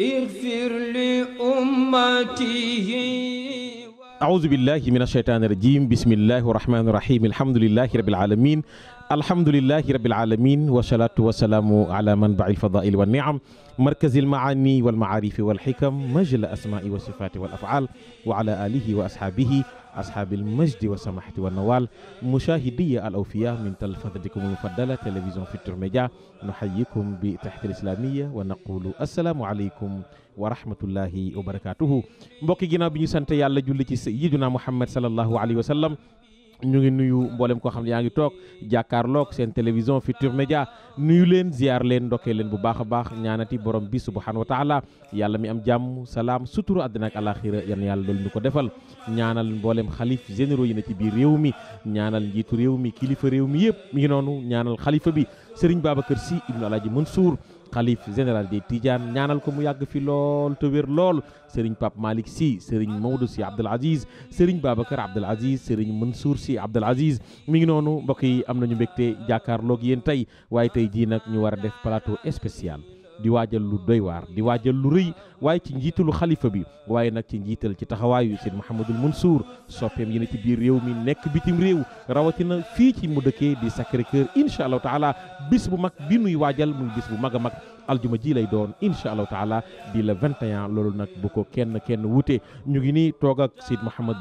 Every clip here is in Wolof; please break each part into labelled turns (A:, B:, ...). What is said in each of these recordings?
A: اغفر لأمته
B: أعوذ بالله من الشيطان الرجيم بسم الله الرحمن الرحيم الحمد لله رب العالمين الحمد لله رب العالمين والصلاة والسلام على منبع الفضائل والنعم مركز المعاني والمعارف والحكم مجل أسماء والصفات والأفعال وعلى آله وأصحابه أصحاب المجد والسماحة والنوال مشاهدي الأوفياء من تلفزتكم المفضلة تلفزيون فيوتشر ميديا نحييكم بتحية الإسلامية ونقول السلام عليكم wa rahmatullahi wa barakatuhu mbokki ginnaaw bi ñu sant yàlla julli ci sayyiduna muhammad sallallahu alayhi wa sallam ñu ngi nuyu mboolem ko xam ne yaa ngi toog jàkkaarloog seen télévision Futur Média nuyu leen ziar leen ndokkee leen bu baax a baax ñaanati borom bi subhanahu wa taala yàlla mi am jàmm salaam suturu àddina ak yan yàlla loolu ñu ko defal ñaanal mboolem xalif généraux yi na ci biir réew mi ñaanal njiitu réew mi kilifa réew mi yëpp mi ngi noonu ñaanal xalifa bi Serigne Babacar Sy ibnu Alaaji Mansour xalif général des Tidiane ñaanal ko mu yàgg fi lool te wér lool sëriñ Pape Malick si sëriñ Maodo Sy Abdoul Aziz sëriñ Babacar Abdoul Aziz sëriñ Mansour Sy Abdoul Aziz mi ngi noonu mbokk yi am nañu mbégte jàkkaarloog yéen tey waaye tey jii nag ñu war a def plateau spécial di waajal lu doy waar di waajal lu rëy waaye ci njiitalu xalifa bi waaye nag ci njiital ci taxawaayu seen Mouhamadul Mansour soppeem yi ne ci biir réew mi nekk bitim réew rawatina fii ci mu dëkkee di Sacré Cœur incha allahu taala bis bu mag bi nuy waajal muy bis bu mag a mag aljuma ji lay doon incha allahu taala di la 21 loolu nag bu ko kenn kenn wute ñu ngi nii toog ak Seydi Mouhamad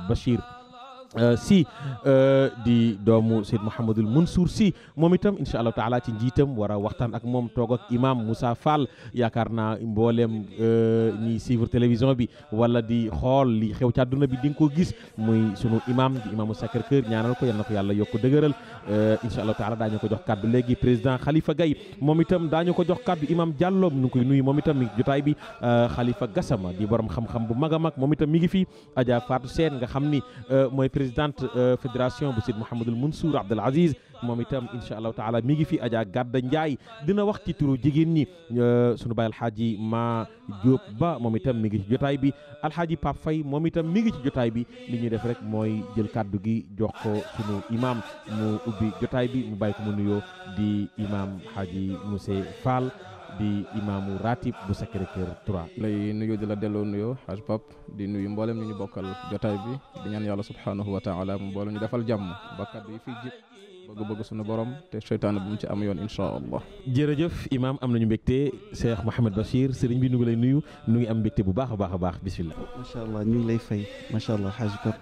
B: Euh, si euh, di doomu Seyd Mouhamadul Mansour si moom itam incha allah taala ci njiitam war a waxtaan ak moom toog ak imam Moussa faal yaakaar naa mbooleem euh, ñiy suivre télévision bi wala di xool li xew ci àdduna bi di nga ko gis muy sunu imam di imaamu Sacré-Cœur ñaanal ko yal na ko yàlla yokk dëgëral incha allah daa daañu ko jox kàddu léegi président xalifa gay moom itam ñu ko jox kàddu imam Diallo nu ngi koy nuyu moom itam mi jotaay bi Khalifa Gassama di borom xam-xam bu mag a mag moom itam mi ngi fi présidente euh, fédération bu Seydi Mouhamadul Mansour Abdul Aziz moom itam incha allahu taala mi ngi fi ajaa Gadda Ndiaye dina wax ci turu jigéen ñi euh, sunu baay alxaaji Ma Diop Ba moom itam mi ngi ci jotaay bi alxaaji Pape fay moom itam mi ngi ci jotaay bi li ñuy def rek mooy jël kàddu gi jox ko sunu imaam mu ubbi jotaay bi mu bàyyi ko mu nuyoo
C: di imaam xaaji Mousse Fall. di imaamu ratib bu Sacré-Cœur 3. lay nuyu di la delloo nuyoo Haj Pap di nuyu mboolem ñu ñu bokkal jotaay bi di ñaan yàlla subhaanahu wa taala mu mboolem ñu defal jàmm ba kàddu yi jib bëgg-bëgg sunu borom te seytaane bu mu ci am yoon incha allah. jërëjëf imaam am nañu mbégte Cheikh Mouhamed Bachir sëriñ bi nu ngi
B: lay nuyu nu ngi am mbégte bu baax a baax a baax bisimilah. macha allah ñu ngi lay fay macha allah Haj Pap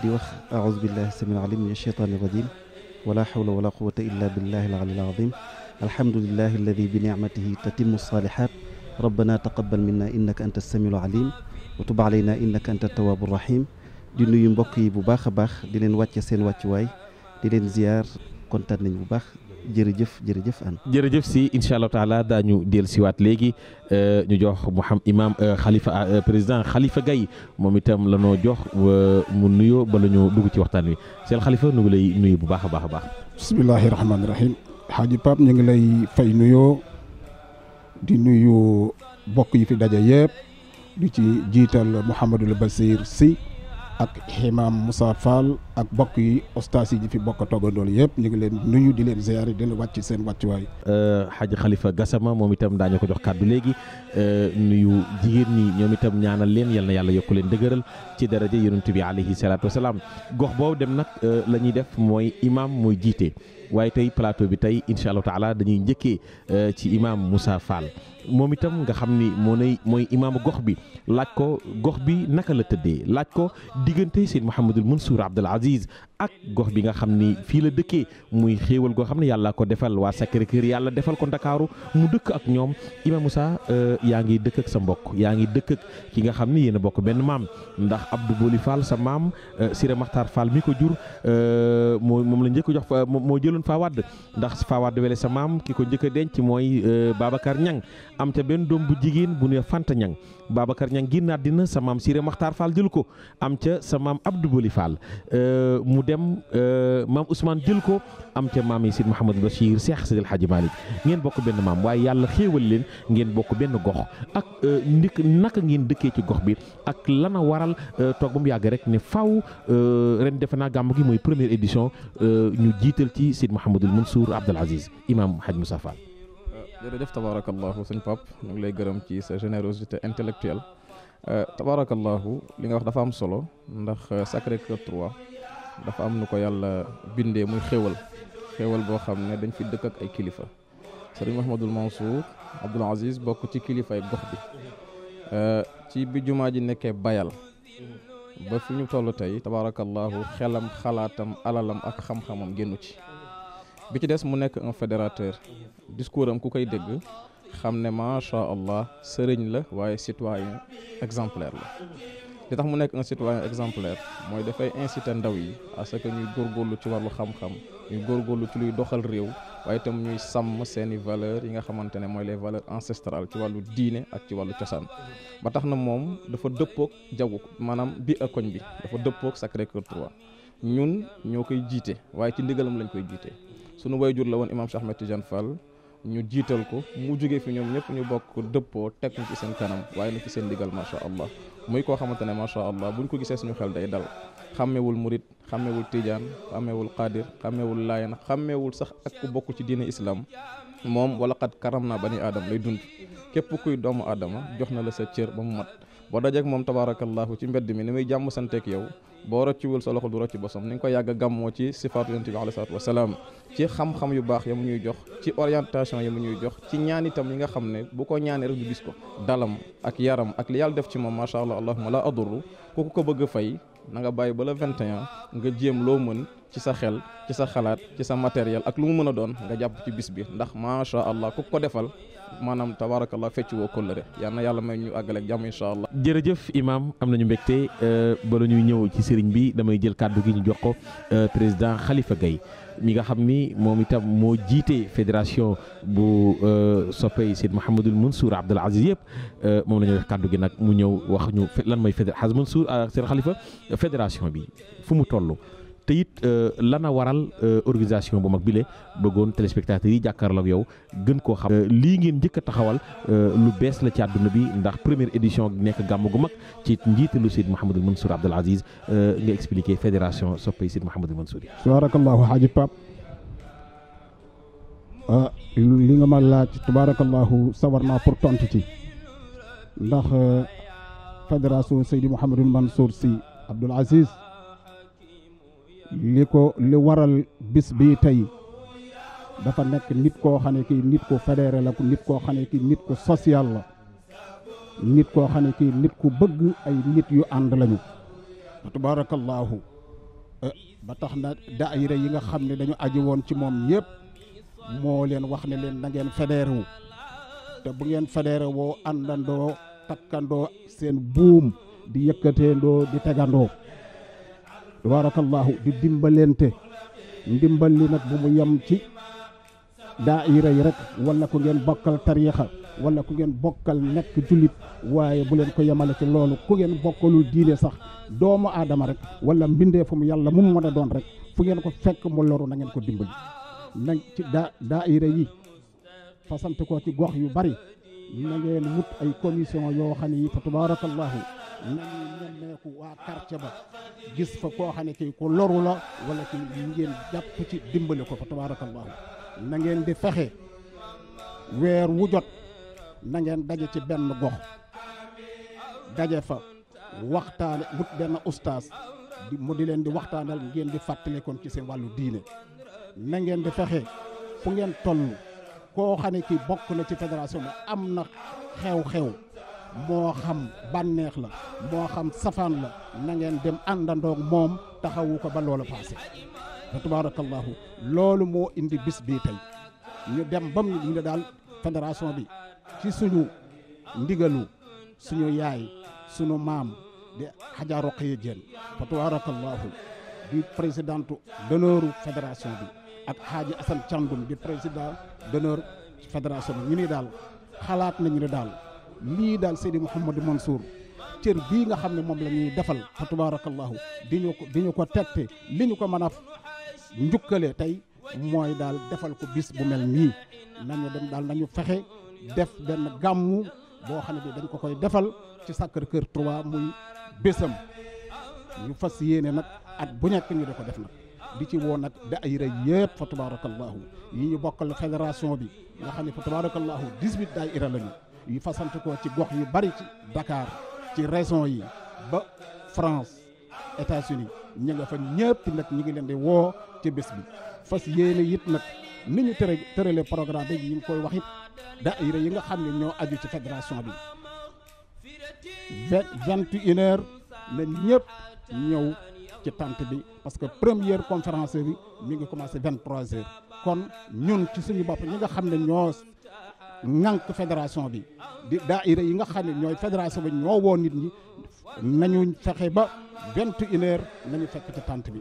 D: di wax aouzu billahi samil alim min acheytaani rajim wala hawla wala quwata illa billahi al ali al alhamdulillah alladi bi nicmatihi tatimu salihat rabbana taqabal minna innaka anta samiul alim wa tub alayna innaka anta tawaabu rahim di nuyu mbokk yi bu baax a baax di leen wàcce seen wàccuwaay di leen ziyaar kontaan nañ bu baax jërëjëf jërëjëf an
B: jërëjëf si incha allahu taala daañu del siwaat léegi euh, ñu jox Mouham imam xalifa euh, euh, président xalifa Gaye moom itam la noo jox mu nuyoo ba la ñu dugg ci waxtaan wi seen xalifa nu ngi lay nuyu bu baax a baax a baax
E: bismillahi rahmaani rahim xaaji Pape ñu ngi lay fay nuyoo di nuyu bokk yi fi daje yëpp di ci jiital Mouhamadul Basir si ak Imam Moussa Fall ak bokk yi ostaas yi fi bokk a toggandool yëpp ñu ngi leen nuyu di leen ziyaare di leen wàcc seen wàccuwaay.
B: Euh, xaaji xalifa Gassama moom itam daañu ko jox kàddu léegi. Euh, nuyu jigéen ñi ñoom itam ñaanal leen yal na yàlla yokk leen dëgëral ci daraja yonent bi alayhi salaatu wasalaam gox boobu dem nag euh, la ñuy def mooy imaam mooy jiite waaye tey plateau bi tey incha allahu taala dañuy njëkkee euh, ci imaam Moussa Fall moom itam nga xam ni moo nay mooy imaamu gox bi laaj ko gox bi naka la tëddee laaj ko diggante seen Mouhamadul Mansour Abdoul Aziz ak gox bi nga xam ni fii la dëkkee muy xéewal goo xam ne yàlla ko defal waa sacré yàlla defal ko Ndakaaru dëkk ak ñoom yaa ngi dëkk sa mbokk yaa ngi dëkk ak nga xam ni yéen a bokk benn maam ndax Abdou Boli Fall sa maam euh, Siré Makhtar Fall mi ko jur euh, moo moom la njëkk jox moo jëloon Fawad ndax Fawad wele sa maam ki ko jëkk denc mooy euh, Babacar Ñang am ca benn doom bu jigéen bu ne fant Ñang Babacar Ñang ginnaat dina sa maam Siré Makhtar Fall jël ko am ca sa maam Abdou Boli Fall mu dem maam Ousmane jël ko am ca maam yi Sidi Mouhamadou Bachir Cheikh Sidil Hadji Malick ngeen gox ak euh, ndik naka ngeen dëkkee ci gox bi ak lana waral euh, toog ba mu yàgg rek ne faw euh, ren defe naa gàmm gi mooy première édition ñu jiital ci Seydi Mouhamadul Mansour Abdoul Aziz Imam Hadj Moussa Fall.
C: jërëjëf tabaarakallaahu sëñ popp ñu ngi lay gërëm ci sa générosité intellectuelle tabaarakallaahu li nga wax dafa am solo ndax Sacré-Cœur 3 dafa am nu ko yàlla bindee muy xéwal xéwal boo xam ne dañ fi dëkk ay kilifa. sëriñ Mouhamadul Mansour Abdoul Aziz bokk ci kilifay gox bi euh, ci bi jumaa ji nekkee bayal ba fi ñu toll tey tabaarakallaahu xelam xalaatam alalam ak xam-xamam génnu ci bi ci des mu nekk un fédérateur discours am ku koy dégg xam ne macha allah sëriñ la waaye citoyen exemplaire la li tax mu nekk un citoyen exemplaire mooy dafay inciter ndaw yi à ce que ñuy góorgóorlu ci wàllu xam-xam ñuy góorgóorlu ci luy doxal réew waaye itam ñuy sàmm seeni valeurs yi nga xamante ne mooy les valeurs ancestrales ci wàllu diine ak ci wàllu cosaan ba tax na moom dafa dëppook jagu maanaam bi ak koñ bi dafa dëppoog Sacré-Cœur 3 ñun ñoo koy jiite waaye ci ndigalam lañ koy jiite sunu wayjur la woon Imam Cheikh Ahmed Tidiane Fall ñu jiital ko mu jógee fi ñoom ñëpp ñu bokk dëppoo teg ñu ci seen kanam waaye na ci seen ndigal macha allah muy koo xamante ne macha allah buñ ko gisee suñu xel day dal xàmmewul murit xàmmewul tijaan xàmmewul xaadir xàmmewul laayan xàmmewul sax ak bokku ci diine islam moom wala xat karam naa bani aadama lay dund képp kuy doomu aadama jox na la sa cër ba mu mat boo dajeeg moom tabaarakallaahu ci mbedd mi ni muy jàmm santeek yow boo wul sa loxo du rocc bosom ni nga ko yàgg a gàmmoo ci sifaatu yonent bi alayhi salaatu wasalaam ci xam-xam yu baax ya mu ñuy jox ci orientation ya mu ñuy jox ci ñaani tam yi nga xam ne bu ko ñaanee rek du gis ko dalam ak yaram ak li yàlla def ci moom macha allah allahuma la adurru kooku ko bëgg a fay na nga bàyyi ba le 21 nga jéem loo mën ci sa xel ci sa xalaat ci sa matériel ak lu mu mën a doon nga jàpp ci bis bi ndax macha allah ku ko defal maanaam tabaarakallah fecc woo kóllëre yal na yàlla may ñu àggale ak jàmm incha allah.
B: jërëjëf imaam am nañu mbégte euh, bala ñuy ñëw ci sëriñ bi damay jël kàddu gi ñu jox ko euh, président xalifa Gaye mi nga xam ni moom itam moo jiite fédération bu euh, soppey Seydi Mouhamadul Mansour Abdoul Aziz yëpp moom la ñu kàddu gi nag mu ñëw wax ñu lan mooy fédération Mansour Seydi Khalifa fédération bi fu mu toll. te it euh, lana waral euh, organisation bu mag bile bëggoon téléspectateurs yi jàkkaarloo ak yow gën koo xam. Euh, lii ngeen njëkk a taxawal lu bees la ci àdduna bi ndax première édition nekk gàmm gu mag ci njiitalu Seydi Mouhamadou Mansour Abdoul Aziz nga expliqué fédération soppay Seydi Mouhamadou Mansour yi.
E: tabaarakallaahu Haaji Pape ah nga ma naa pour tontu ci ndax fédération li ko li waral bis bii tey dafa nekk nit koo xam ne kii nit ku fédéré la nit koo xam kii nit ku social la nit koo xam ne kii nit ku bëgg ay nit yu ànd lañu tabaarakallaahu eh, ba tax na daayira yi nga xam ne dañu aji woon ci moom yëpp moo leen wax ne leen na ngeen fédéré te bu ngeen fédéré woo àndandoo takkandoo seen buum di yëkkateendoo di tegandoo tabaarakallaahu di dimbalente ndimbal li nag mu yem ci daayira yi rek wala ko ngeen bokkal tariixa wala ku ngeen bokkal nekk jullit waaye bu leen ko yemale ci loolu ko ngeen bokkalul diine sax doomu aadama rek wala mbindee fu mu yàlla mu mën a doon rek fu ngeen ko fekk mu loru na ngeen ko dimbali na ci daa daayira yi fasante ko ci gox yu bari na ngeen wut ay commission yoo xam ne yi fa tabaarakallaahu nañuy nemmeeku waa quartier ba gis fa koo xam ne ku loru la wala ki ngeen jàpp ci dimbali ko fa tabaarakallaahu na di fexe weer wu jot na ngeen daje ci benn gox daje fa waxtaane wut benn ustaas mu di leen di waxtaanal ngeen di fàttalikoon ci seen wàllu diine na ngeen di fexe fu ngeen toll koo xam ne bokk na ci fédération bi am na xew-xew moo xam bànneex la moo xam safaan la na ngeen dem àndandoog moom taxawu ko ba loola passé fa tabarakallahu loolu moo indi bis bii tey ñu dem bam ñu ne daal fédération bi ci suñu ndigalu suñu yaay suñu maam di Hadja Rokhaya Diène fa tabarakallahu di présidente d'honneur fédération bi ak Hadji Assane Thiandoum di président d'honneur fédération bi ñu ni daal xalaat nañu ne daal lii daal Seydi Mouhamadou Mansour cër bii nga xam ne moom la ñuy defal fa tabaarakallaahu di ñu ko di ñu ko tegte li ñu ko mën a njukkale tey mooy daal defal ko bis bu mel nii nañu dem daal nañu fexe def benn gàmmu boo xam ne bi dañ ko koy defal ci sacré kër 3 muy bésam ñu fas yéene nag at bu nekk ñu di ko def nag di ci woo nag da ay rëy yëpp fa tabaarakallaahu yi ñu bokkal fédération bi nga xam ne fa tabaarakallaahu 18 daayira lañu yu fasante ko ci gox yu bari ci Dakar ci région yi ba France États-Unis ñi nga fa ñëpp nag ñi ngi leen di woo ci bis bi fas yéene it nag ni ñu tëre tërale programme bi yi ngi koy wax it daayira yi nga xam ne ñoo aju ci fédération bi vingt et ñëpp ñëw ci tànt bi parce que première conférence bi mi ngi commencé vingt trois kon ñun ci suñu bopp ñi nga xam ne ñoo ñànk fédération bi di daayira yi nga xam ne ñooy fédération bi ñoo woo nit ñi nañu fexe ba vingt une heure nañu fekk ci tànt bi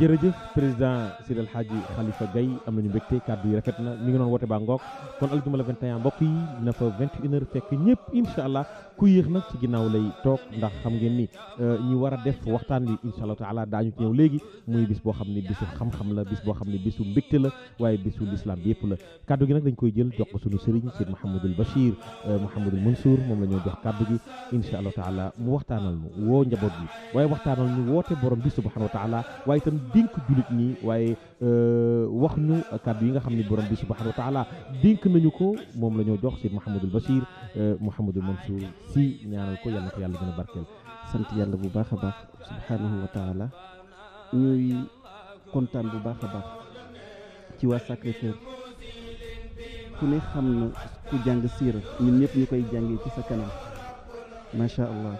B: jërëjëf président Seydi El Hadji Khalifa Gaye am nañu mbégte kàddu yi rafet na mi ngi noonu woote baa ngoog kon aljuma la 21 mbokk yi dina fa 21 fekk ñëpp incha allah ku yéex nag ci ginnaaw lay toog ndax xam ngeen ni euh, ñu war a def waxtaan bi incha allah taala daañu ñëw léegi muy bis boo xam ne bisu xam-xam la bis boo xam ne bisu mbégte la waaye bisu lislaam bi yëpp la kàddu gi nag dañ koy jël jox ko suñu sëriñ Seydi Mouhamadul Bachir euh, Mouhamadul Mansour moom la ñoo jox kàddu gi incha allah taala mu waxtaanal nu woo njaboot bi waaye waxtaanal ñu itam dénk jullit ñi waaye euh, wax ñu kàddu yi nga xam ni borom bi subhanahu wa taala dénk nañu ko moom la ñoo jox si Mouhamadul Bachir euh, Mouhamadul Mansour si ñaanal ko yàlla na ko yàlla gën a barkeel. sant yàlla bu baax a baax subhanahu wa taala
D: ñuy kontaan bu baax a baax ci waa Sacré-Cœur ne xam na ku jàng siira ñun ñëpp ñu koy jàngee ci sa kanam macha allah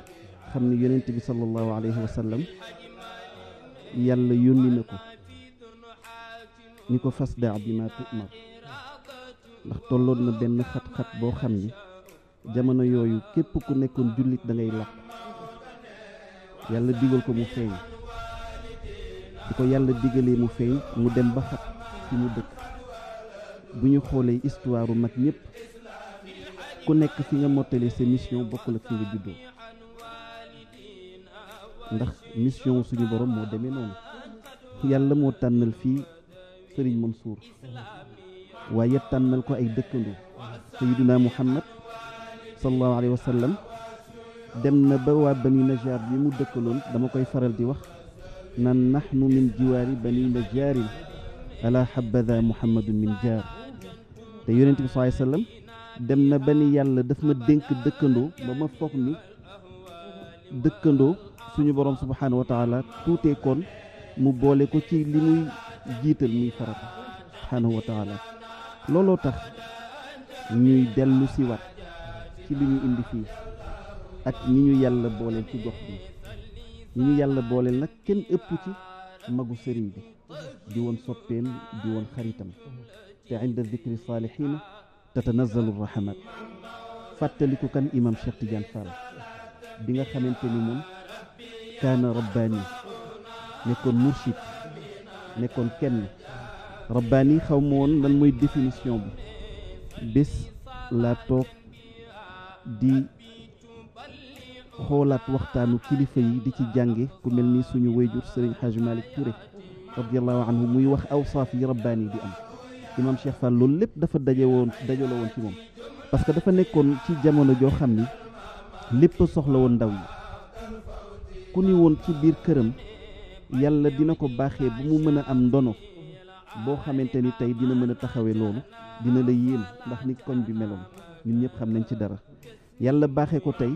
D: xam ni yonent bi sallallahu alayhi wa yàlla yónni na ko ni ko fas daa bi ma tu'mar ndax tolloon na benn xat-xat boo xam ni jamono yooyu képp ku nekkoon jullit da ngay yàlla digal ko mu feeñ di ko yàlla digalee mu feeñ mu dem ba xat fi mu dëkk bu ñu xoolee histoire u mag ñëpp ku nekk ci nga mottalee sa mission bokkul ak fi nga juddoo ndax mission suñu borom moo demee noonu yàlla moo tànnal fii Serigne Mansour waaye tànnal ko ay dëkkandoo Sayyiduna Muhammad sallallahu alayhi wa sallam dem na ba waa bani najaar bi mu dëkkaloon dama koy faral di wax naan nahnu min jiwaari bani najaarin ala habada muhammadun min jaar te yonent bi sallallahu wa sallam dem na ba ni yàlla daf ma dénk dëkkandoo ba ma foog ni dëkkandoo suñu borom subhanahu wa taala tuutee kon mu boole ko ci li muy jiital muy farata subhanahu wa taala looloo tax ñuy dellu si wat ci li ñu indi fii ak ñi ñu yàlla booleel ci gox bi ñi ñu yàlla booleel nag kenn ëpp ci magu sëriñ bi di woon soppeem di woon xaritam te inda dikri saalihiina tatanazalu rahamat fàttaliku kan imam Cheikh Tidiane bi nga xamante ni moom kaana rabbaani nekkoon mursid nekkoon kenn rabbaani xaw ma woon lan mooy définition bi bés laa toog di xoolaat waxtaanu kilifa yi di ci jàngi ku mel ni suñu wayjur sëriñ Hadj Malick Touré radiallahu anhu muy wax awsaaf yi rabbaani di am imam Cheikh Fall loolu lépp dafa daje woon dajale woon ci moom parce que dafa nekkoon ci jamono joo xam ni lépp soxla woon ndaw yi ku ni woon ci biir këram yàlla dina ko baaxee bu mu mën a am ndono boo xamante ni tey dina mën a taxawee loolu dina la yéen ndax ni koñ bi meloon ñun ñëpp xam nañ ci dara yàlla baaxee ko tey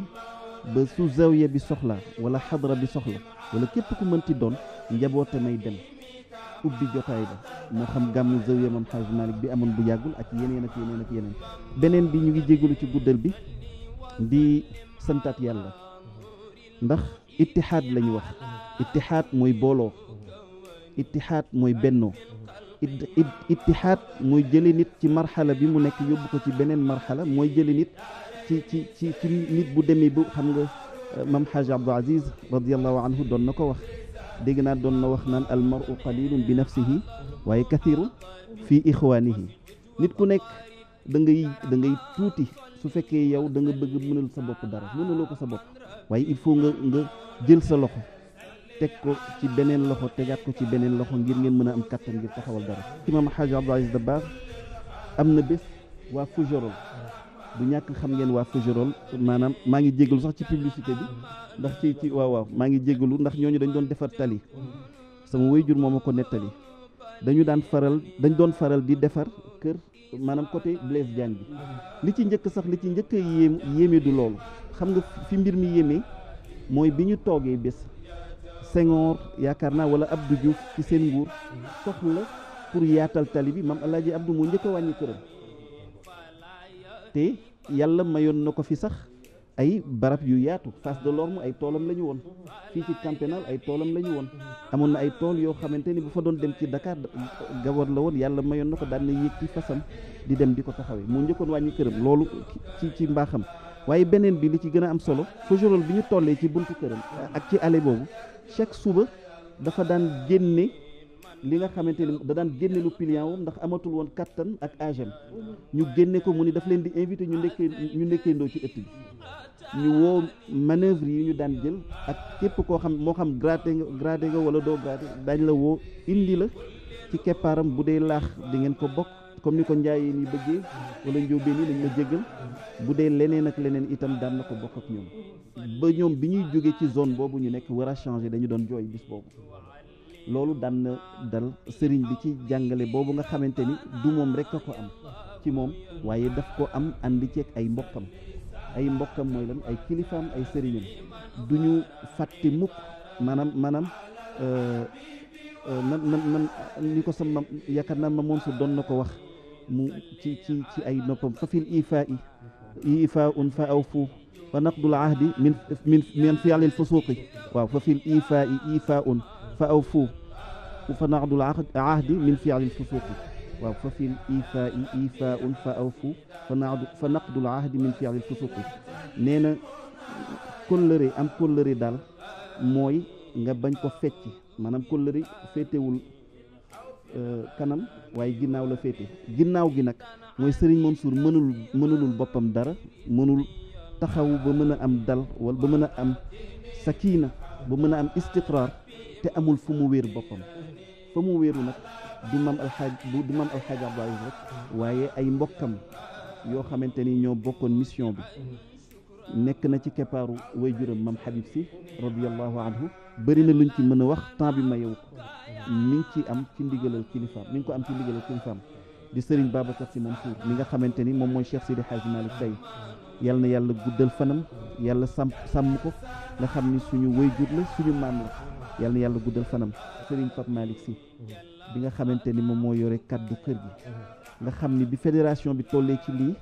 D: ba su zawiya bi soxla wala xadra bi soxla wala képp ku mënti doon njabootamay dem ubbi jotaay bi moo xam gàmmu zawiya mam xaaj malik bi amoon bu yàggul ak yeneen ak yeneen ak yeneen beneen bi ñu ngi jégalu ci guddal bi di santaat yàlla ndax ittihaad la ñu wax ittihaad mooy booloo ittihaad mooy bennoo ittihaad mooy jële nit ci marxala bi mu nekk yóbbu ko ci beneen marxala mooy jële nit ci ci ci nit bu demee bu xam nga euh, mam xaaj abdul aziz radiallahu anhu doon na ko wax dégg naa doon na wax naan al maru qalilun bi nafsihi waaye kathirun fii ixwaanihi nit ku nekk da ngay da ngay tuuti su fekkee yow da nga bëgg mënal sa bopp dara mënaloo ko sa bopp waaye il faut nga nga jël sa loxo teg ko ci beneen loxo tegaat ko ci beneen loxo ngir ngeen mën a am kattan ngir taxawal dara imam Hadj Abdou Aziz Dabakh am na bés waa Fougerolles bu ñàkk xam ngeen waa Fougerolles maanaam maa ngi jégalu sax ci publicité bi ndax ci ci waaw waaw maa ngi jégalu ndax ñooñu dañ doon defar tali sama waajur moo ma ko nettali dañu daan faral dañ doon faral di defar kër maanaam côté Blaise Diagne bi li ci njëkk sax li ci njëkk yéem yéeme du loolu xam nga fi mbir mi yéeme mooy bi ñu toogee bés Senghor yaakaar naa wala Abdou Diouf ci seen nguur soxla pour yaatal tali bi maam Alaaji Abdou moo njëkk wàññi këram te yàlla mayoon na ko fi sax ay barab yu yaatu face de l'orme ay toolam la ñu woon fii ci camp pénal ay toolam la ñu woon amoon na ay tool yoo xamante ni bu fa doon dem ci dakaar gawar la woon yàlla mayoon na ko daan na yéeg ci fasam di dem di ko taxawee mu njëkkoon wàññi këram loolu ci ci mbaaxam waaye beneen bi li ci gën a am solo Faucherolles bi ñu tollee ci buntu këram ak ci allée boobu chaque suba dafa daan génne li nga xamante ni da daan génne lu client wam ndax amatul woon kattan ak agem ñu génne ko mu ni daf leen di invité ñu nekkee ñu nekkee ci ëtt bi ñu woo manœuvre yi ñu daan jël ak képp koo xam moo xam gratté nga gratté wala doo gratté daañ la woo indi la ci keppaaram bu dee laax di ngeen ko bokk comme ni ko njaayee yi bëggee wala njóobeen yi dañ ma jéggal bu dee leneen ak leneen itam daan na ko bokk ak ñoom ba ñoom bi ñuy jógee ci zone boobu ñu nekk war a changer dañu doon jooy bis boobu loolu daan na dal sëriñ bi ci jàngale boobu nga xamante ni du moom rek a ko am ci moom waaye daf ko am ànd ceeg ay mbokkam ay mbokkam mooy lan ay kilifaam ay sëriñam du ñu fàtte mukk maanaam maanaam nan euh, euh, nan nan ni ko sama yaakaar ma moom su doon na ko wax mu ci ci ci ay noppam fa fil ifaa i ifaa fa aw fuu fa naqdul ahdi min min min fialil fusuqi waaw fa fil ifaa i ifaa un fa aw fu fa naqdul ahdi min fialil fusuqi waaw fa fil ifa i ifa un fa awfu fa naqdul ahdi min fi'lil fusuqi nee na kóllëre am kóllëre daal mooy nga bañ ko fecci maanaam kóllëre féetewul euh, kanam waaye ginnaaw la féete ginnaaw gi nag mooy Serigne Mansour mënul mënulul boppam dara mënul taxawu ba mën a am dal wala ba mën a am sakina ba mën a am istiqraar te amul fu mu wéer boppam fa mu wéeru nag du maam alxaaj du maam alxaaj Abdou Aziz rek waaye ay mbokkam yoo xamante ni ñoo bokkoon mission bi nekk na ci keppaaru way juram maam Habib si radiallahu anhu bëri na luñ ci mën a wax temps bi mayewu ko mi ci am ci ndigalal kilifaam mi ngi ko am ci ndigalal kilifaam di Serigne Babacar Sy Mansour mi nga xamante ni moom mooy Cheikh Sidi Hadj Malick tey yal na yàlla guddal fanam yàlla sàmm sàmm ko nga xam ni suñu way jur la suñu maam la yàlla na yàlla guddal fanam Serigne Pape Malick si mhm. bi nga xamante ni moom moo yore kaddu kër gi mhm. nga xam ni bi fédération bi tollee ci lii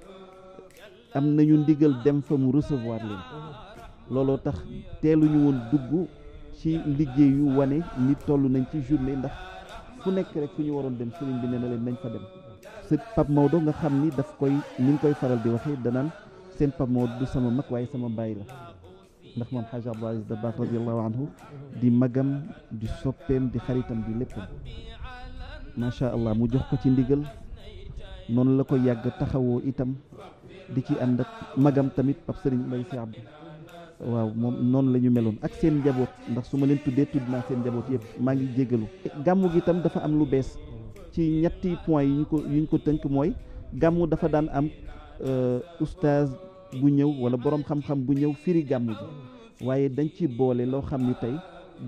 D: am nañu ndigal dem fa mu recevoir leen mhm. looloo tax teeluñu woon dugg ci liggéeyu wane ni toll nañ ci journée ndax fu nekk rek fu ñu waroon dem Serigne bi nee leen nañ fa dem së Pape Maodo nga xam ni daf koy ni nga koy faral di waxee danaan seen Pape Maodo du sama mag waaye sama baay la ndax moom xaaj Abdou Aziz Dabakh radiallahu anhu di magam di soppeem di xaritam di léppam macha allah mu jox ko ci ndigal noonu la ko yàgg taxawoo itam di ci ànd ak magam tamit ab sëriñ mbay si abdu waaw moom noonu la ñu meloon ak seen njaboot ndax su ma leen tuddee tudd naa seen njaboot yëpp maa ngi jégalu gàmmu gi tam dafa am lu bees ci ñetti point yi ko yu ñu ko tënk mooy gàmmu dafa daan am euh, oustaz bu ñëw wala boroom xam-xam bu ñëw firi gàmm ji waaye dañ ci boole loo xam ni tey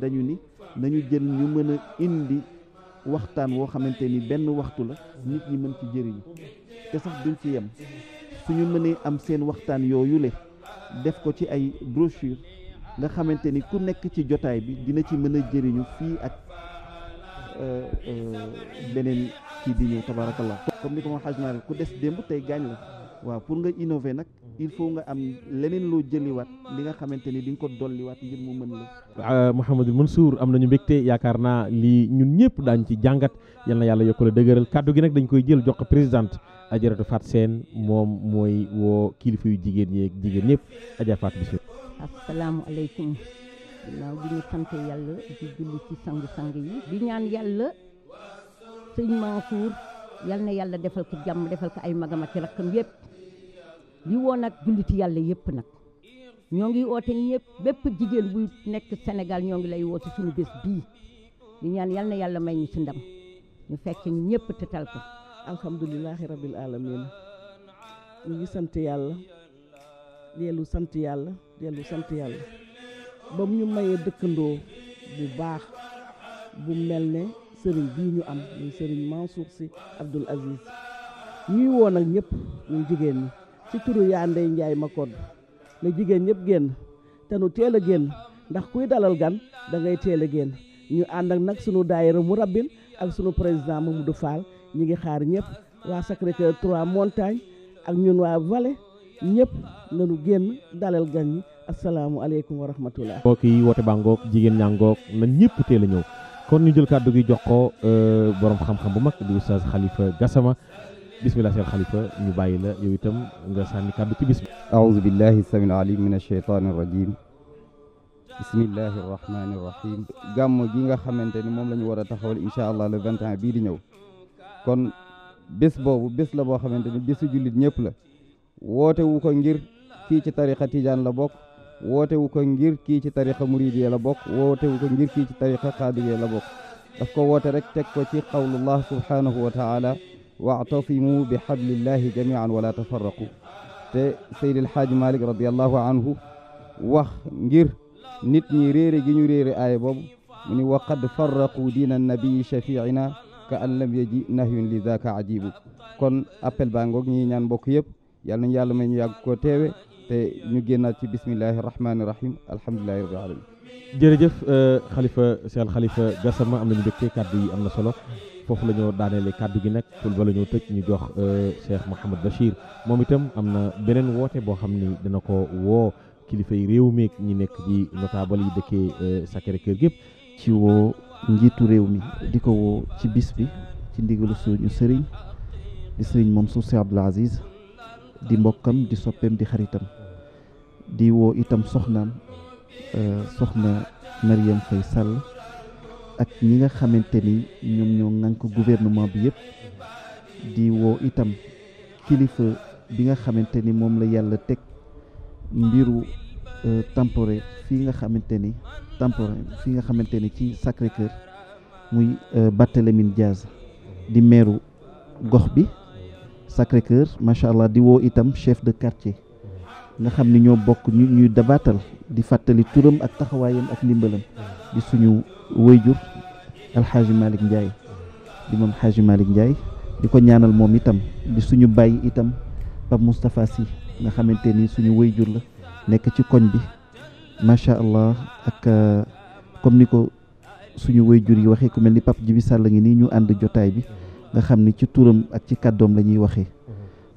D: dañu ni nañu jël ñu mën a indi waxtaan woo xamante ni benn waxtu la nit ñi mën ci jëriñu te sax duñ ci yem suñu mënee am seen waxtaan yooyu le def ko ci ay brochure nga xamante ni ku nekk ci jotaay bi dina ci mën a jëriñu fii ak euh, euh, beneen kii di ñëw tabarakallah comme ni ko ma xajmaare ku des démb tey gaañ la waaw pour nga innover nag il faut nga am leneen loo jëliwaat li nga xamante ni di nga ko dolliwaat ngir mu mën la
B: ah, Mouhamadou Mansour am nañu mbégte yaakaar naa lii ñun ñëpp daañ ci jàngat yal na yàlla yokk la dëgëral kàddu gi nag dañ koy jël jox ko présidente Ajaratu Fat Seen moom mooy woo kilifa yu jigéen ñi jigéen ñëpp Aja Fat bismillah
F: asalaamualeykum ginnaaw bi ñu sant yàlla di julli ci sang-sang yi di ñaan yàlla sëñ Mansour yal na yàlla defal ko jàmm defal ko ay magam ak rakkam yëpp li woon nag julliti yàlla yëpp nag ñoo ngi oote ñëpp bépp jigéen buy nekk Sénégal ñoo ngi lay woote sunu bés bii di ñaan yal na yàlla may ñu ci ndam ñu fekk ñëpp tëtal ko alhamdulilahi rabil
E: alamin ñu ngi sant yàlla dellu sant yàlla dellu sant yàlla ba mu ñu mayee dëkkandoo bu baax bu mel ne sëriñ bii ñu am muy sëriñ Mansour Sy Abdoul Aziz ñuy woo nag ñëpp ñun jigéen ñi ci turu yaa ndey njaay ma kodd la jigéen ñëpp génn
G: te nu teel a génn ndax kuy dalal gan da ngay teel a génn ñu ànd ak nag sunu daayira mu rabbin ak sunu président Mamadou Fall ñi ngi xaar ñëpp waa Sacré-Cœur trois ak ñun waa Vallée ñëpp nañu génn daleel gan ñi assalaamu wa rahmatullah
B: mbokk yi woote baa jigéen ñàngook ngoog na ñëpp teel a ñëw kon ñu
F: jël kàddu gi jox ko euh, borom xam-xam bu mag di oustaz Khalifa gasama bismillah seen Khalifa ñu bàyyi la yow itam nga sànni kàddu ci bis bi aouzu billahi samil alim min asheytani rajim bismillahi rahmani rahim gàmmu gi nga xamante ni moom la ñu war a taxawal incha allah le 21 bii di ñëw kon bés boobu bés la boo xamante ni bésu jullit ñëpp la woote wu ko ngir fii ci tariqa tijaan la bokk wootewu ko ngir kii ci tarixa muridiyee la bokk wootewu ko ngir kii ci tarixa xaadiriyee la bokk daf ko woote rek teg ko ci qawlullah subhaanahu wa taala waatasimu bi xablillahi jamian wala tafarraqu te Seydil Xaaji Malik radiallahu anhu wax ngir nit ñi réere gi ñu réere aaya boobu mu ni wa qad farraqu diina nabiyi shafiina ka an lam yaji nahyun li zaaka ajibu kon appel baa ngoog ñi ñaan mbokk yëpp yàlla nañu yàlla may ñu teewe te ñu génnaat ci bismillahi rahmaani rahim alhamdulilahi rabbil alamin
B: jërëjëf xalifa euh, seen xalifa Gassama am nañu mbégte kàddu yi am na solo foofu la ñoo daaneele kàddu gi nag ful ba la ñoo tëj ñu jox Cheikh euh, Mouhamad Bachir moom itam am na beneen woote boo xam ni dina ko woo kilifa yi réew meek ñi nekk ci notable yi dëkkee euh, Sacré-Cœur gépp ci woo njiitu
D: réew mi di ko woo ci bis bi ci ndigalu suñu sëriñ di sëriñ Mansour Sy Abdoul Aziz di mbokkam di soppeem di xaritam di woo itam soxnaam euh, soxna Mariam Faye Sall ak ñi nga xamante ni ñoom ñoo ŋànk gouvernement bi yëpp di woo itam kilifa bi nga xamante ni moom la yàlla teg mbiru euh, temporé fii nga xamante ni temporé fi nga xamante ni ci Sacré Cœur muy euh, Barthélémy Diaz di meeru gox bi Sacré Cœur macha allah di woo itam chef de quartier nga xam ni ñoo bokk ñu ñuy dabaatal di fàttali turam ak taxawaayam ak ndimbalam di suñu wayjur alxaaji Malick Ndiaye di moom xaaji Malick Ndiaye di ko ñaanal moom itam di suñu bàyyi itam Pape Moustapha Sy nga xamante ni suñu wayjur la nekk ci koñ bi macha allah ak euh, comme ni ko suñu wayjur yi waxee ku mel ni Pape Djibi Sall ngi nii ñu ànd jotaay bi nga xam ni ci turam ak ci kàddoom la ñuy waxee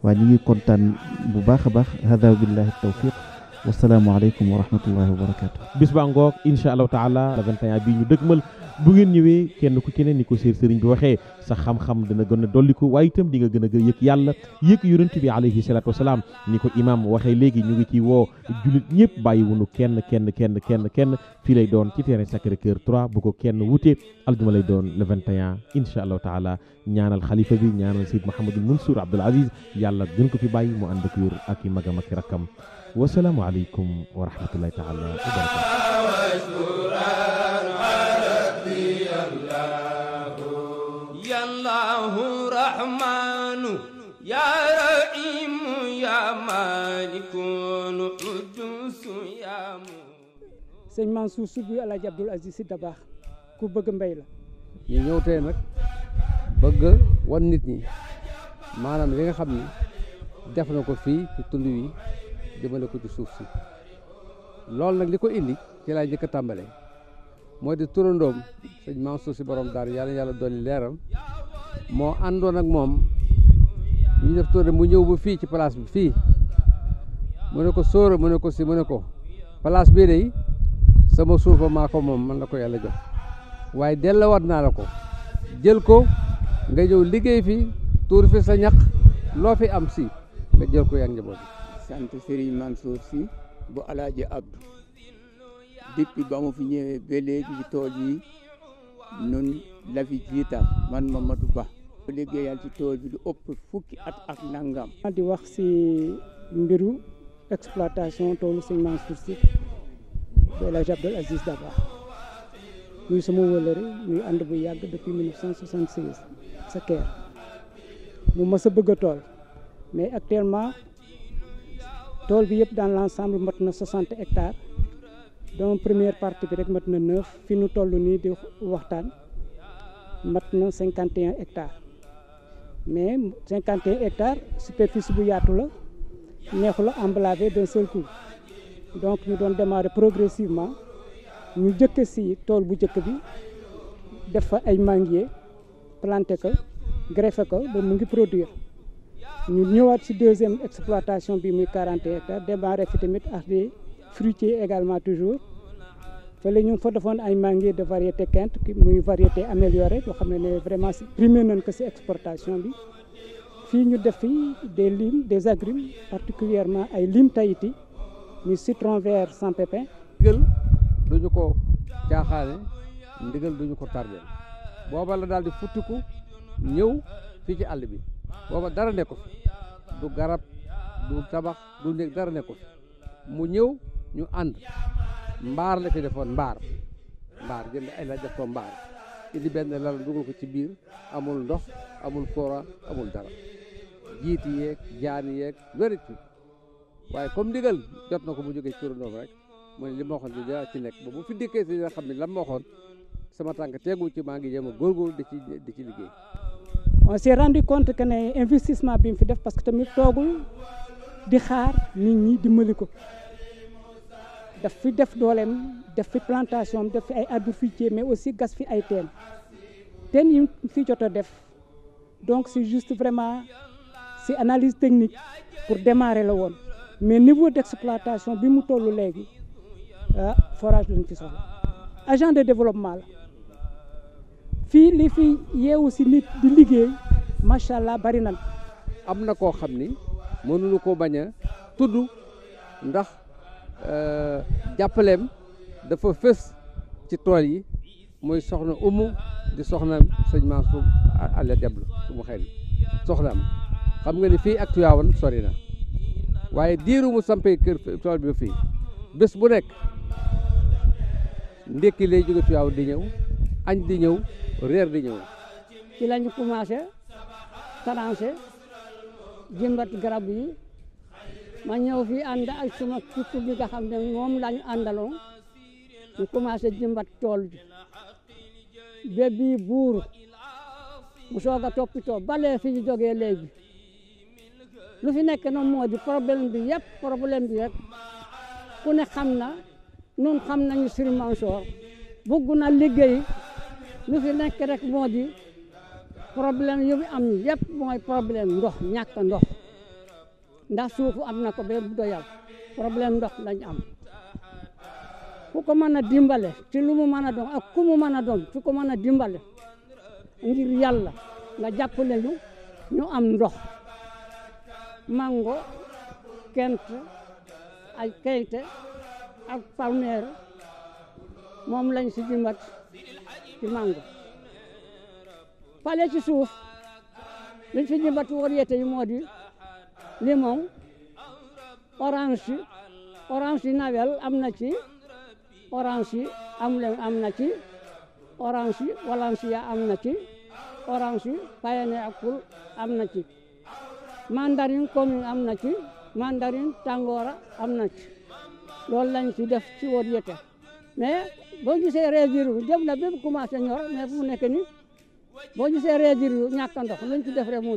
D: waaye ñu ngi kontaan bu baax a baax hada billahi tawfiq wasalaamaaleykum wa rahmatullahi wa barakaatu.
B: bis ba ngoog incha allahu taala le 21 bii ñu dëgmal bu ngeen ñëwee kenn ku ci ne ni ko séer sëriñ bi waxee sa xam-xam dana gën a dolliku waaye itam di nga gën a gën yëg yàlla yëg yonent bi alayhi salaatu salaam ni ko imam waxee léegi ñu ngi ci woo jullit ñëpp bàyyiwunu kenn kenn kenn kenn kenn fii lay doon ci terrain Sacré Cœur 3 bu ko kenn wutee aljuma lay doon le 21 incha allahu taala ñaanal xalifa bi ñaanal Seyd Mahamadul Mansour Abdoul Aziz yàlla ko fi bàyyi mu ànd ak wér ak i magam ak i wasalaamu aleykum wa rahmatullahi
F: taala wa
H: barakaatu
A: yallahu rahmanu ya rahimu ya malikun
G: quddusu ya sëñ Mansour Sy bu Alaaji Abdul Aziz Sy Dabakh ku bëgg mbéy la
A: ñu ñëw tey bëgg wan nit ñi maanaam yi nga xam ni def ko fii ci tund wi jëmale ko ci suuf si loolu nag li ko indi ci laay jëkk a tàmbale moo di turandoom sëñ suuf si borom daar yàlla yàlla dolli leeram moo àndoon nag moom ñu def tournée mu ñëw ba fii ci place bi fii mu ne ko sóora mu ne ko si mu ne ko place bii de sama suufa maa ko moom man la ko yàlla jox waaye dellowaat naa la ko jël ko nga ñëw liggéey fi tuur fi sa ñaq loo fi am si nga jël ko yaa njaboot sant man Mansour si bu alaaji Abdou depuis ba mu fi ñëwee ba léegi tool yi nun la fi jiital man Mamadou Ba liggéeyal ci tool bi lu ëpp fukki at ak
G: nangam di wax si mbiru exploitation toolu Serigne Mansour si bu El Hadj Abdoul muy sama wëlëre muy ànd bu yàgg depuis 1976 sa keer mu mës a bëgg tool mais actuellement tool bi yëpp dans l' ensemble mat na 60 hectares donc première partie bi rek mat na 9 fi nu toll nii di waxtaan mat na 51 hectares mais 51 hectares superficie bu yaatu la neexu la emblavé d'un seul coup donc ñu doon démarrer progressivement ñu jëkk si tool bu jëkk bi def fa ay manguier plante ko greffé ko ba mu ngi produire. ñu ñëwaat ci deuxième exploitation bi muy 40 hectares démarré fi tamit ak des fruitiers également toujours fële ñu ngi fa defoon ay manguier de variété quinte muy variété améliorée boo xam ne ne vraiment primé nañ ko si exportation bi fii ñu def fi des limes des agrumes particulièrement ay lime Tahiti ñu citron vert sans pépin ndigal
A: duñu ko caaxaane ndigal duñu ko tardé booba la daal di futtiku ñëw fii ci àll bi booba dara nekku fi du garab du tabax du nekk dara nekku mu ñëw ñu ànd mbaar la fi defoon mbaar mbaar jënd ay la def ko mbaar indi benn lal dugal ko ci biir amul ndox amul courant amul dara jiiti yeeg jaani yeeg wéritu waaye comme ndigal jot na ko mu jógee ci turandoom rek mu ne li ma waxoon di ci nekk ba bu fi dikkee si nga xam ne la ma sama tànk teegu ci maa ngi jéem a góorgóorlu di ci di ci liggéey
G: on s'est rendu compte que ne investissement bi mu fi def parce que tamit toogul di xaar nit ñi dimbali ko daf fi def dooleem def fi plantation def fi ay arbres fruitiers mais aussi gas fi ay teen teen yi fi jot a def donc c'est juste vraiment si analyse technique pour démarrer la woon mais niveau d'exploitation bi mu toll léegi ah forage lañ fi soxla agent de développement la fii lii fi yeewu si nit di liggéey macha allah bari na. am na koo
A: xam ni mënuñu koo bañ a tudd ndax euh, jàppaleem dafa fës ci tool yi muy soxna umu di soxnaam sëñ Mansour Alla Diablo su mu xel soxnaam xam nga ni fii ak Tiwaawan sori na waaye diiru mu kër tool bi fii bés bu nekk ndékki lay jóge Tiwaawan di ñëw añ di ñëw
H: reer di ñëw ci la ñu commencé tarancé jëmbat garab yi ma ñëw fi ànd ak suma kikku bi nga xam ne moom lañu àndaloon ñu commencé jëmbat tool bi ba bii buur mu soog a toppitoo balee fi ñu jógee léegi lu fi nekk noonu moo di problème bi yëpp problème bi yëpp ku ne xam na nun xam nañu Serigne Mansour bugg na liggéey lu fi nekk rek moo di problème yu am yëpp mooy problème ndox ñàkk ndox ndax suufu am na ko ba bu doyal problème ndox lañ am ku ko mën a dimbale ci lu mën a doon ak ku mu mën a doon ku ko mën a dimbale ngir yàlla nga jàppale ñu ñu am ndox mango kent ay kayte ak palmeer moom lañ si jëmbat ci mango fale ci suuf liñ fi jëmbatu variété yi moo di limon orange orange yi nawel am na ci orange yi am leen am na ci orange yi walancia am na ci orange yi payene ak am na ci mandarine commune am na ci mandarine tàngoora am na ci loolu lañ ci def ci variété mais boo gisee réduire wu dem na bépp commencé ñor mais mu nekke nii boo gisee réduire wu ñàkk a ndox luñ ci def rek mu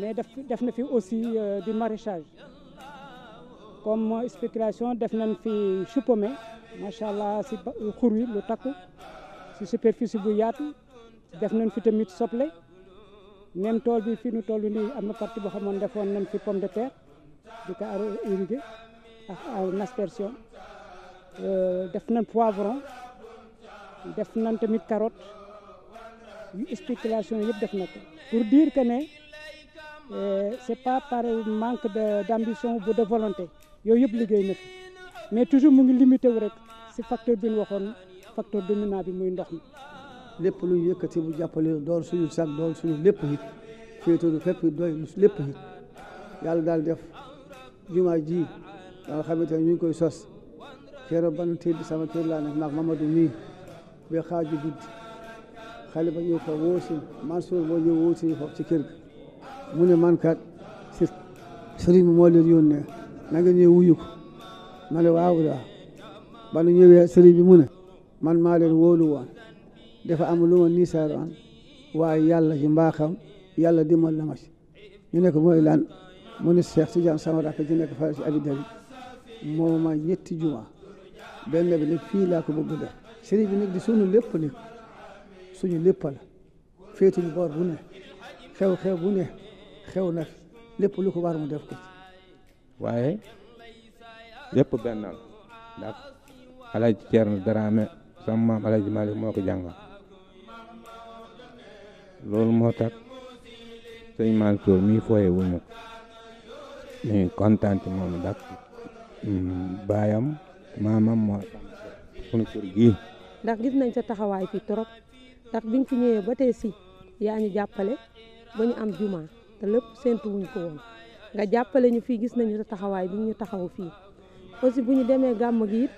H: mais def def na fi aussi euh, di maraîchage
G: comme spéculation def nañ fi chou pommé macha allah si euh, xur wi lu takku si superficie bu yaatu def nañ fi tamit soble même tool bi fi nu toll nii am na partie boo xamoon defoon nañ fi pomme de terre di ko irriguer ak en euh, aspersion def nañ poivron. def nañ tamit carotte yu spéculation yëpp def na pour dire que ne euh, c'est pas par manque de d'ambition ou de volonté yooyu yëpp liggéey na mais toujours mu ngi limité wu rek si facteur bi ñu waxoon facteur dominant bi muy ndox mi. lépp lu ñu yëkkati bu jàppale doon suñu sag doon suñu lépp it féetewul fépp doy lépp it yàlla daal def jumaa ji nga xamante ne ñu ngi koy sos keroog ban tédd sama kër laa nekk maag Mamadou mii. ba xaaju guddi xale ba ñëw fa woosin Mansour moo ñëw woosin foofu ci kër ga mu ne man kat si bi moo leen yónnee na nga ñëw wuyu ko ma ne waaw waaw ñëwee sëriñ bi mu ne man maa leen wóolu woon dafa am lu ma niisaaroon waaye yàlla ci mbaaxam yàlla dimbal na ma ci ñu nekk mooy lan mu ne Cheikh Tidiane sama rakk ji nekk fara ci Abidjan moo ñetti juma benn bi ne fii laa ko bëgg sëriñ bi nag di sunu lépp nag suñu lépp la boor bu ne xew-xew bu ne xew na lépp lu ko war mu def ko
F: waaye lépp benn la ndax alaaj Ceerno Daraame sama maam alaaj moo ko jàngal loolu moo tax sëñ Mansour mii fooye wuñu ko ñu kontaan ci moom ndax mm, maamam moo suñu kër gii
G: ndax gis nañ sa taxawaay fi trop ndax bi biñ fi ñëwee ba tey si yaa ñu jàppale ba ñu am juma te lépp séntu ko woon nga jàppale ñu fii gis nañu sa taxawaay bi ñu taxaw fii aussi bu ñu demee gàmm gi it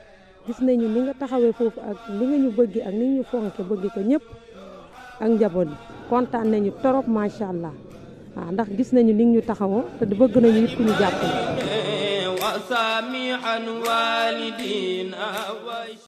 G: gis nañu ni nga taxawee foofu ak li nga ñu bëgg ak ni ñu fonke bëgg ko ñëpp ak njaboot bi kontaan nañu torop macha allah waaw ndax gis nañu ni ñu taxawoo te bëgg nañu it ku ñu jàppale